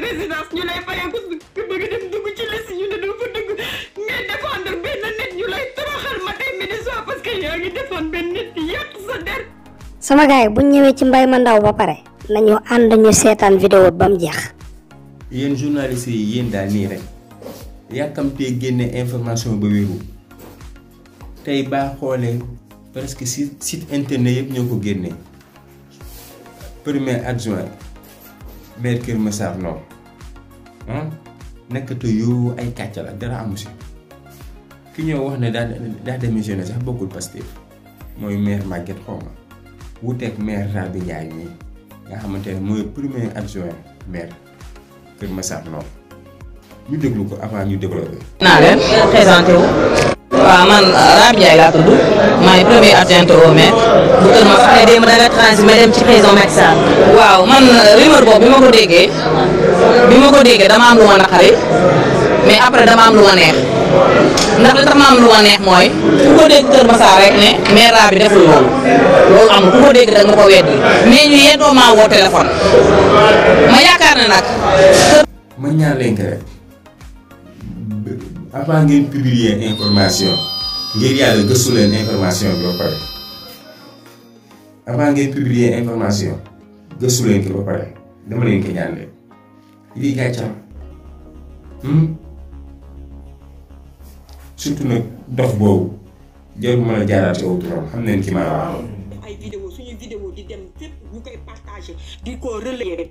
résidence ñu lay fayee ku bëgg dem dugg ci liste ñu ne doo fa dugg ngay défendre benn nit sama bu ci mbay ba nañu ñu vidéo jeex journaliste yi yéen daal nii rek yàkkamtee génne information ba wéru tey baa xoolee presque site internet yëpp ñoo ko premier adjoint biir Kër Massar Nord nekkatu yu ay kàcc la dara amu ki ñëw wax ne daa daa démissionné sax bokkul Pastef mooy maire màgget Xoma wuuteeg maire Rabi Ndiaye mii nga xamante ne mooy premier adjoint maire Kër Massar Nord ñu déglu ko avant ñu développé. naa leen présenté waaw man Rabia laa tudd maay premier adjoint au maire bu Kër Masar. démb transi ma dem ci président Macky Sall. waaw man rumeur boobu bi ma ko déggee bi ma ko déggee dama am lu ma naqari mais après dama am lu ma ndax li tax am lu ma mooy ku ko dégg Kër ne maire Rabi deful loolu loolu amul ku ko dégg da nga ko weddi mais ñu yeddoo maa woo téléphone ma yaakaar ne nag. ma ñaan leen rek. avant de publier information ngir le vais information bi avant de publier information gëstu leen ko Je dama leen il ñaan hmm? surtout tu Je a des ma des vidéo suñu vidéo di relayer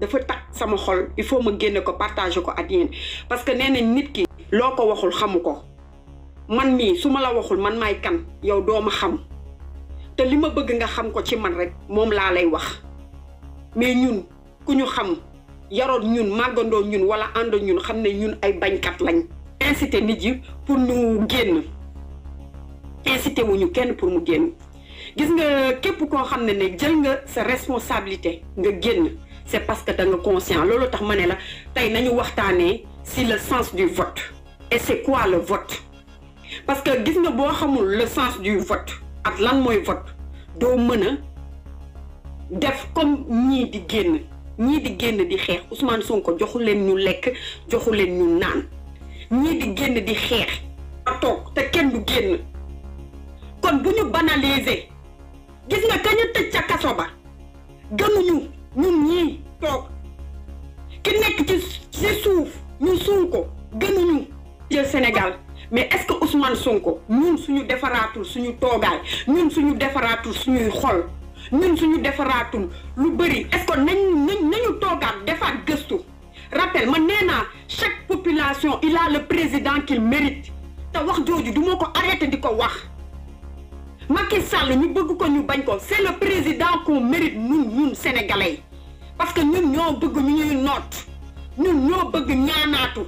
dafa tak sama xol il faut ma génne ko partager ko ak parce que nee na nit ki loo ko waxul xamuko man mii suma la waxul man may kan yow doo xam te lima ma bëgg nga xam ko ci man rek mom la lay wax mais ñun ku ñu xam yaroon ñun màggandoo ñun wala ando ñun xam ñun ay bañkat lañ inciter nit yi pour nous génn inciter wuñu kenn pour mu génn gis nga képp koo xam ne ne jël nga sa responsabilité nga génn c'est parce que tu es conscient. Lolo tax mané la tay nañu waxtané si le sens du vote. Et c'est quoi le vote Parce que gis nga bo xamul le sens du vote ak lan moy vote do mëna def comme ñi di génn ñii di génn di xeex Ousmane Sonko joxu leen ñu lek joxu leen ñu naan ñii di génn di xeex a toog te kenn du génn kon buñu banaliser gis nga kañu tecc ca kasso ba gëmuñu ñun ñi toog ki nekk ci ci Sonko Sénégal mais est-ce que Ousmane Sonko ñun suñu défaratul nous sommes ñun suñu nous suñuy xol ñun suñu lu est-ce que nañ nañu toogaat defaat rappel chaque population il a le président qu'il mérite te wax du wax Macky Sall ñu bëgg ko c'est le président qu'on mérite nous, ñun sénégalais parce que ñun ñoo bëgg ñu ñuy noot ñun ñoo bëgg ñaanaatu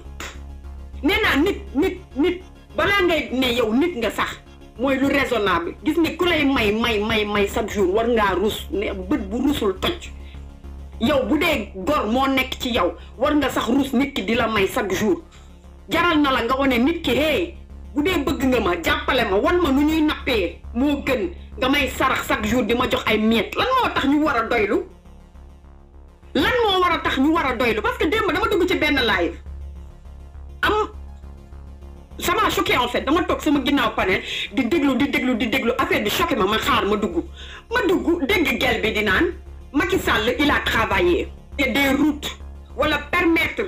nee nit nit nit balaa ngay ne yow nit nga sax mooy lu raisonnable gis ne ku lay may may may may chaque jour war ngaa rus bët bu rusul toj yow bu dee góor moo nekk ci yow war nga sax rus nit ki di la may chaque jour jaral na la nga wane nit ki hey bu dee bëgg nga ma jàppale ma wan ma nu ñuy nappee moo gën nga may sarax chaque jour di ma jox ay miet lan moo tax ñu war a doylu lan mo wara tax ñu wara doylu parce que demb dama dugg ci benn live am sama choqué en fait dama tok sama ginnaw panel di déglu di déglu di déglu affaire bi choqué ma ma xaar ma dugg ma dugg dégg gel bi di naan Macky Sall il a travaillé des routes wala permettre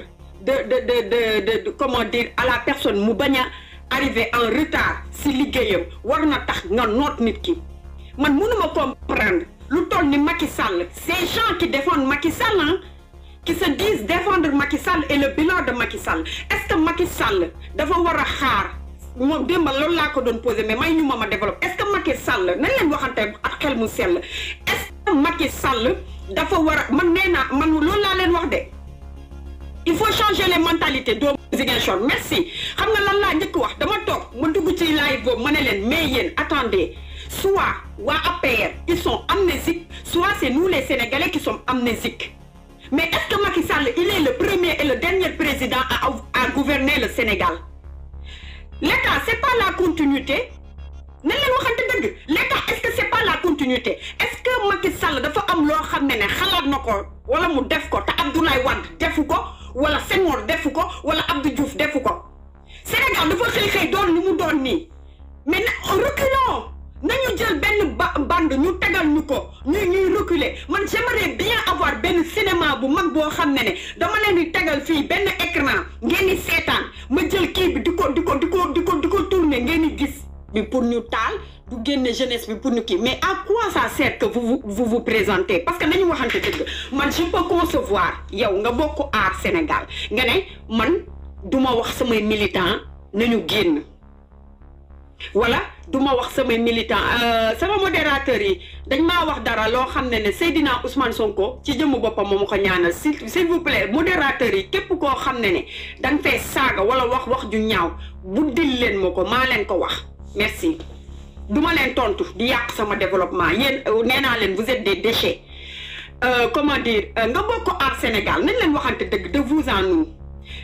de de de de de comment dire à la personne mu baña arriver en retard si liggéeyam war na tax nga note nit ki man mënuma comprendre lu Macky Sall ces gens qui défendent Macky Sall hein, qui se disent défendre Macky Sall et le bilan de Macky est-ce que Macky Sall dafa un mais est-ce que Macky Sall nest pas waxante est-ce que Macky Sall dafa man il faut changer les mentalités donc merci live mais attendez soit à APR ils sont amnésiques soit c'est nous les Sénégalais qui sommes amnésiques mais est-ce que Macky Sall il est le premier et le dernier président à gouverner le Sénégal l'État c'est pas la continuité l'État est-ce que c'est pas la continuité est-ce que Macky Sall dafa am loo xam ne ne xalaat na ko wala mu def ko te Abdoulaye Wade defu ko wala Senghor defu ko wala Abdou Diouf defu ko Sénégal faut xëy xëy doon nous mu mais reculons nañu jël ben ba bande ñu tegal ñu ko ñuy ñuy reculer man j'aimerais bien avoir benn cinéma bu mag boo xam ne ne dama leen di tegal fii benn écran ngeen di seetaan ma jël kii bi di ko di ko di ko di ko di ko tourner ngeen di gis pour ñu taal du génne jeunesse bi pour ñu kii mais à quoi ça sert que vous vous vous présentez parce que nañu waxante dëgg man je peux concevoir yow nga bokk aar Sénégal nga ne man duma wax samay militant nañu génn wala du ma wax samay militant euh, sama modérateur yi dañ maa wax dara loo xam ne ne Seydina Ousmane Sonko ci jëmmu boppam moomu ko ñaanal s'il vous plaît modérateur yi képp koo xam ne ne da nga fee saaga wala wax wax ju ñaaw bu dil leen ma ko maa leen ko wax merci du ma leen tontu di yàq sama développement yéen euh, nee naa leen vous êtes des déchets euh, comment dire nga bokk aar Sénégal nañ leen waxante dëgg de vous en nous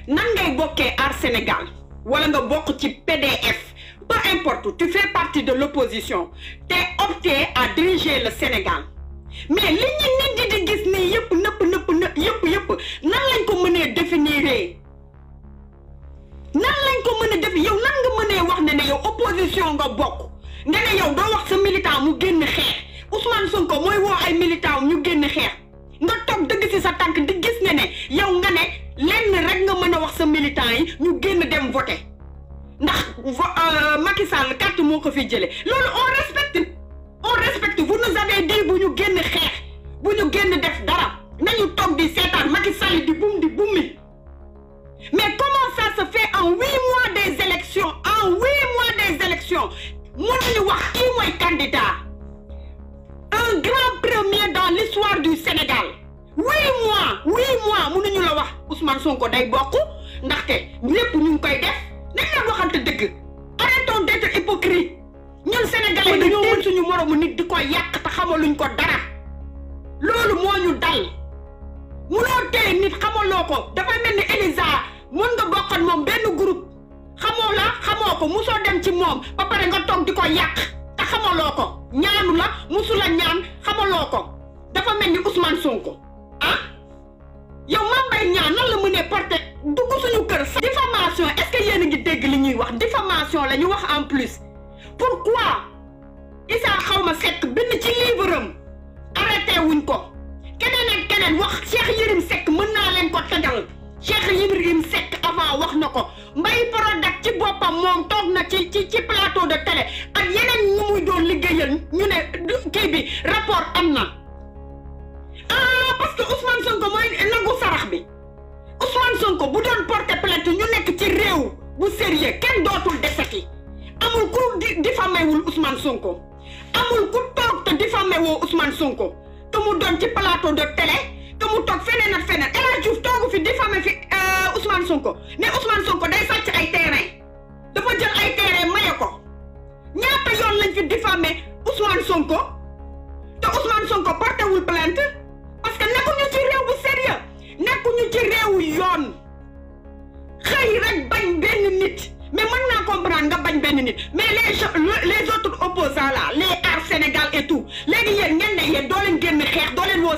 nan ngay bokkee aar Sénégal wala nga bokk ci PDF peu importe, tu fais partie de l'opposition, tu es opté à diriger le Sénégal. Mais li di di gis ni yëpp peut yëpp définir ko def yow nan nga wax ne yow opposition nga Ousmane Sonko moy wo ay militant ñu génn nga ci sa di gis ne ne yow nga ne rek nga wax sa militant ndax euh, Macky Sall carte moo ko fiy on respecte on respecte vous nous avez dit bu ñu génn xeex bu ñu génn def dara nañu toog di seetaan Macky Sall di bum di bummi mais comment ça se fait en huit mois des élections en huit mois des élections mënuñu wax kii mooy candidat un grand premier dans l'histoire du Sénégal huit mois huit mois mënuñu la wax Ousmane Sonko day bokk ndaxte lépp ñu ngi koy def. waxante dëgg arrêtons d'être hypocrite ñun sénégalais dañu wër suñu morom nit di ko yàq ya, te xamaluñ ko dara loolu moo ñu dal lo tey nit xamaloo ko dafa melni Elisa mun nga bokkat mom benn groupe xamoo la xamoo ko musoo dem ci mom ba pare nga tok di ko yak ta xamaloo ñaanu la la ñaan xamaloo dafa melni Ousmane Sonko ah yow Mame Mbaye Niang nan la mëne porter dugg suñu kër sax diffamation est-ce que yéen a ngi dégg li ñuy wax diffamation la ñu wax en plus pourquoi isa xaw ma Seck bind ci livre am arrêté wuñ ko keneen ak keneen wax Cheikh Yérim Seck mën naa leen ko woo Ousmane Sonko te mu doon ci plateau de télé te mu feneen ak feneen El toogu fi diffamé fi euh, Ousmane Sonko mais Ousmane Sonko day sàcc ay terrain dafa jël ay terrain maye ko ñaata yoon lañ fi diffamé Ousmane Sonko.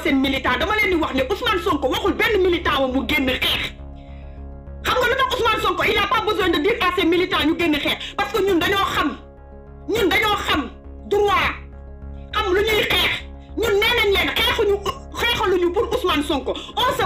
seen militant dama leen di wax ne Ousmane Sonko waxul benn militant wu mu génn xeex xam nga lu tax Ousmane Sonko il a pas besoin de dire à ses militants ñu génn xeex parce que ñun dañoo xam ñun dañoo xam droit xam lu ñuy xeex ñun nee nañ leen xeexuñu xeexaluñu pour Ousmane Sonko on se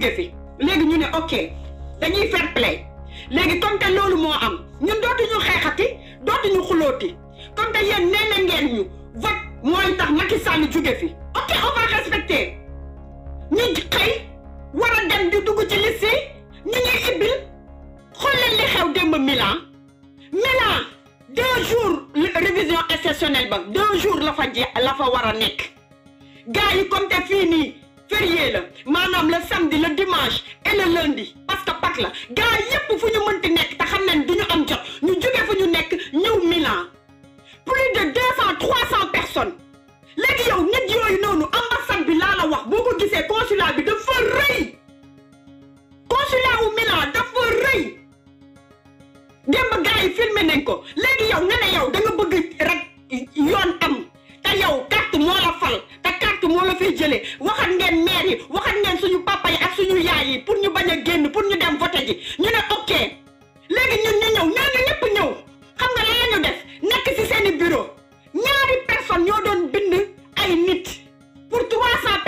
jóge légui ñu né ok dañuy fair play légui comme te loolu moo am ñun dootuñu xeexati ñu xulooti comme te yéen nee na ngeen ñu vote mooy tax Macky Sall jóge fi ok on va respecter ñu xëy war a dem di dugg ci liste ñu ngi ibbil xool leen li xew démb Milan Milan deux jours révision exceptionnelle ba deux jours la fa je la fa war a nekk gars yi comme te fii nii férié la maanaam le samedi le dimanche et le lundi parce que Pâques la gars yépp fu ñu mënti nekk te xam nañ du am jot ñu jóge fu ñu nekk ñëw Milan plus de deux cent trois personnes légui yow nit yooyu noonu ambassade bi la la wax boko gissé consulat bi dafa reuy consulat wu Milan dafa reuy démb gars yi filmé nañ ko légui yow nga ne yow da nga bëgg rek yoon am te yow moo la fiy jëlee waxat ngeen maire yi waxat ngeen suñu papa yi ak suñu yaay yi pour ñu bañ a génn pour ñu dem vote ñu ne ok léegi ñun ñu ñëw ñooñu ñëpp ñëw xam nga lan la def nekk ci seeni bureau ñaari personnes ñoo doon bind ay nit pour trois cent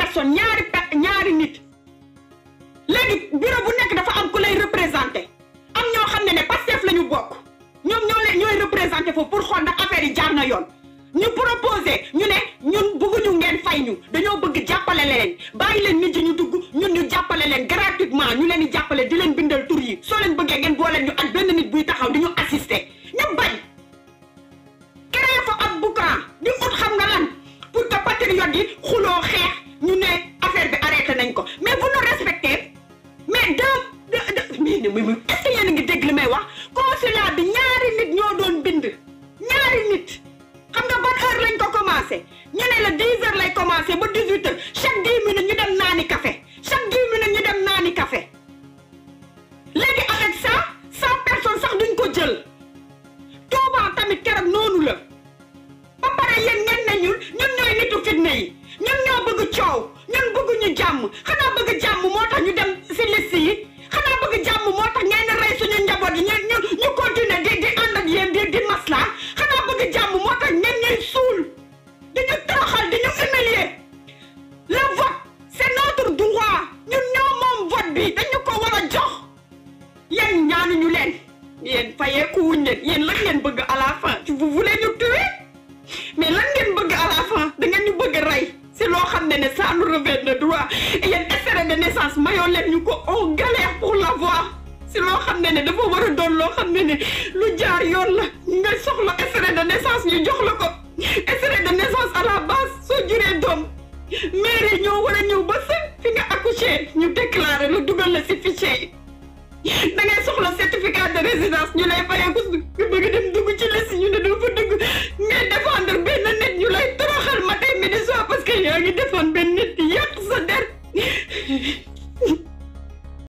Pucul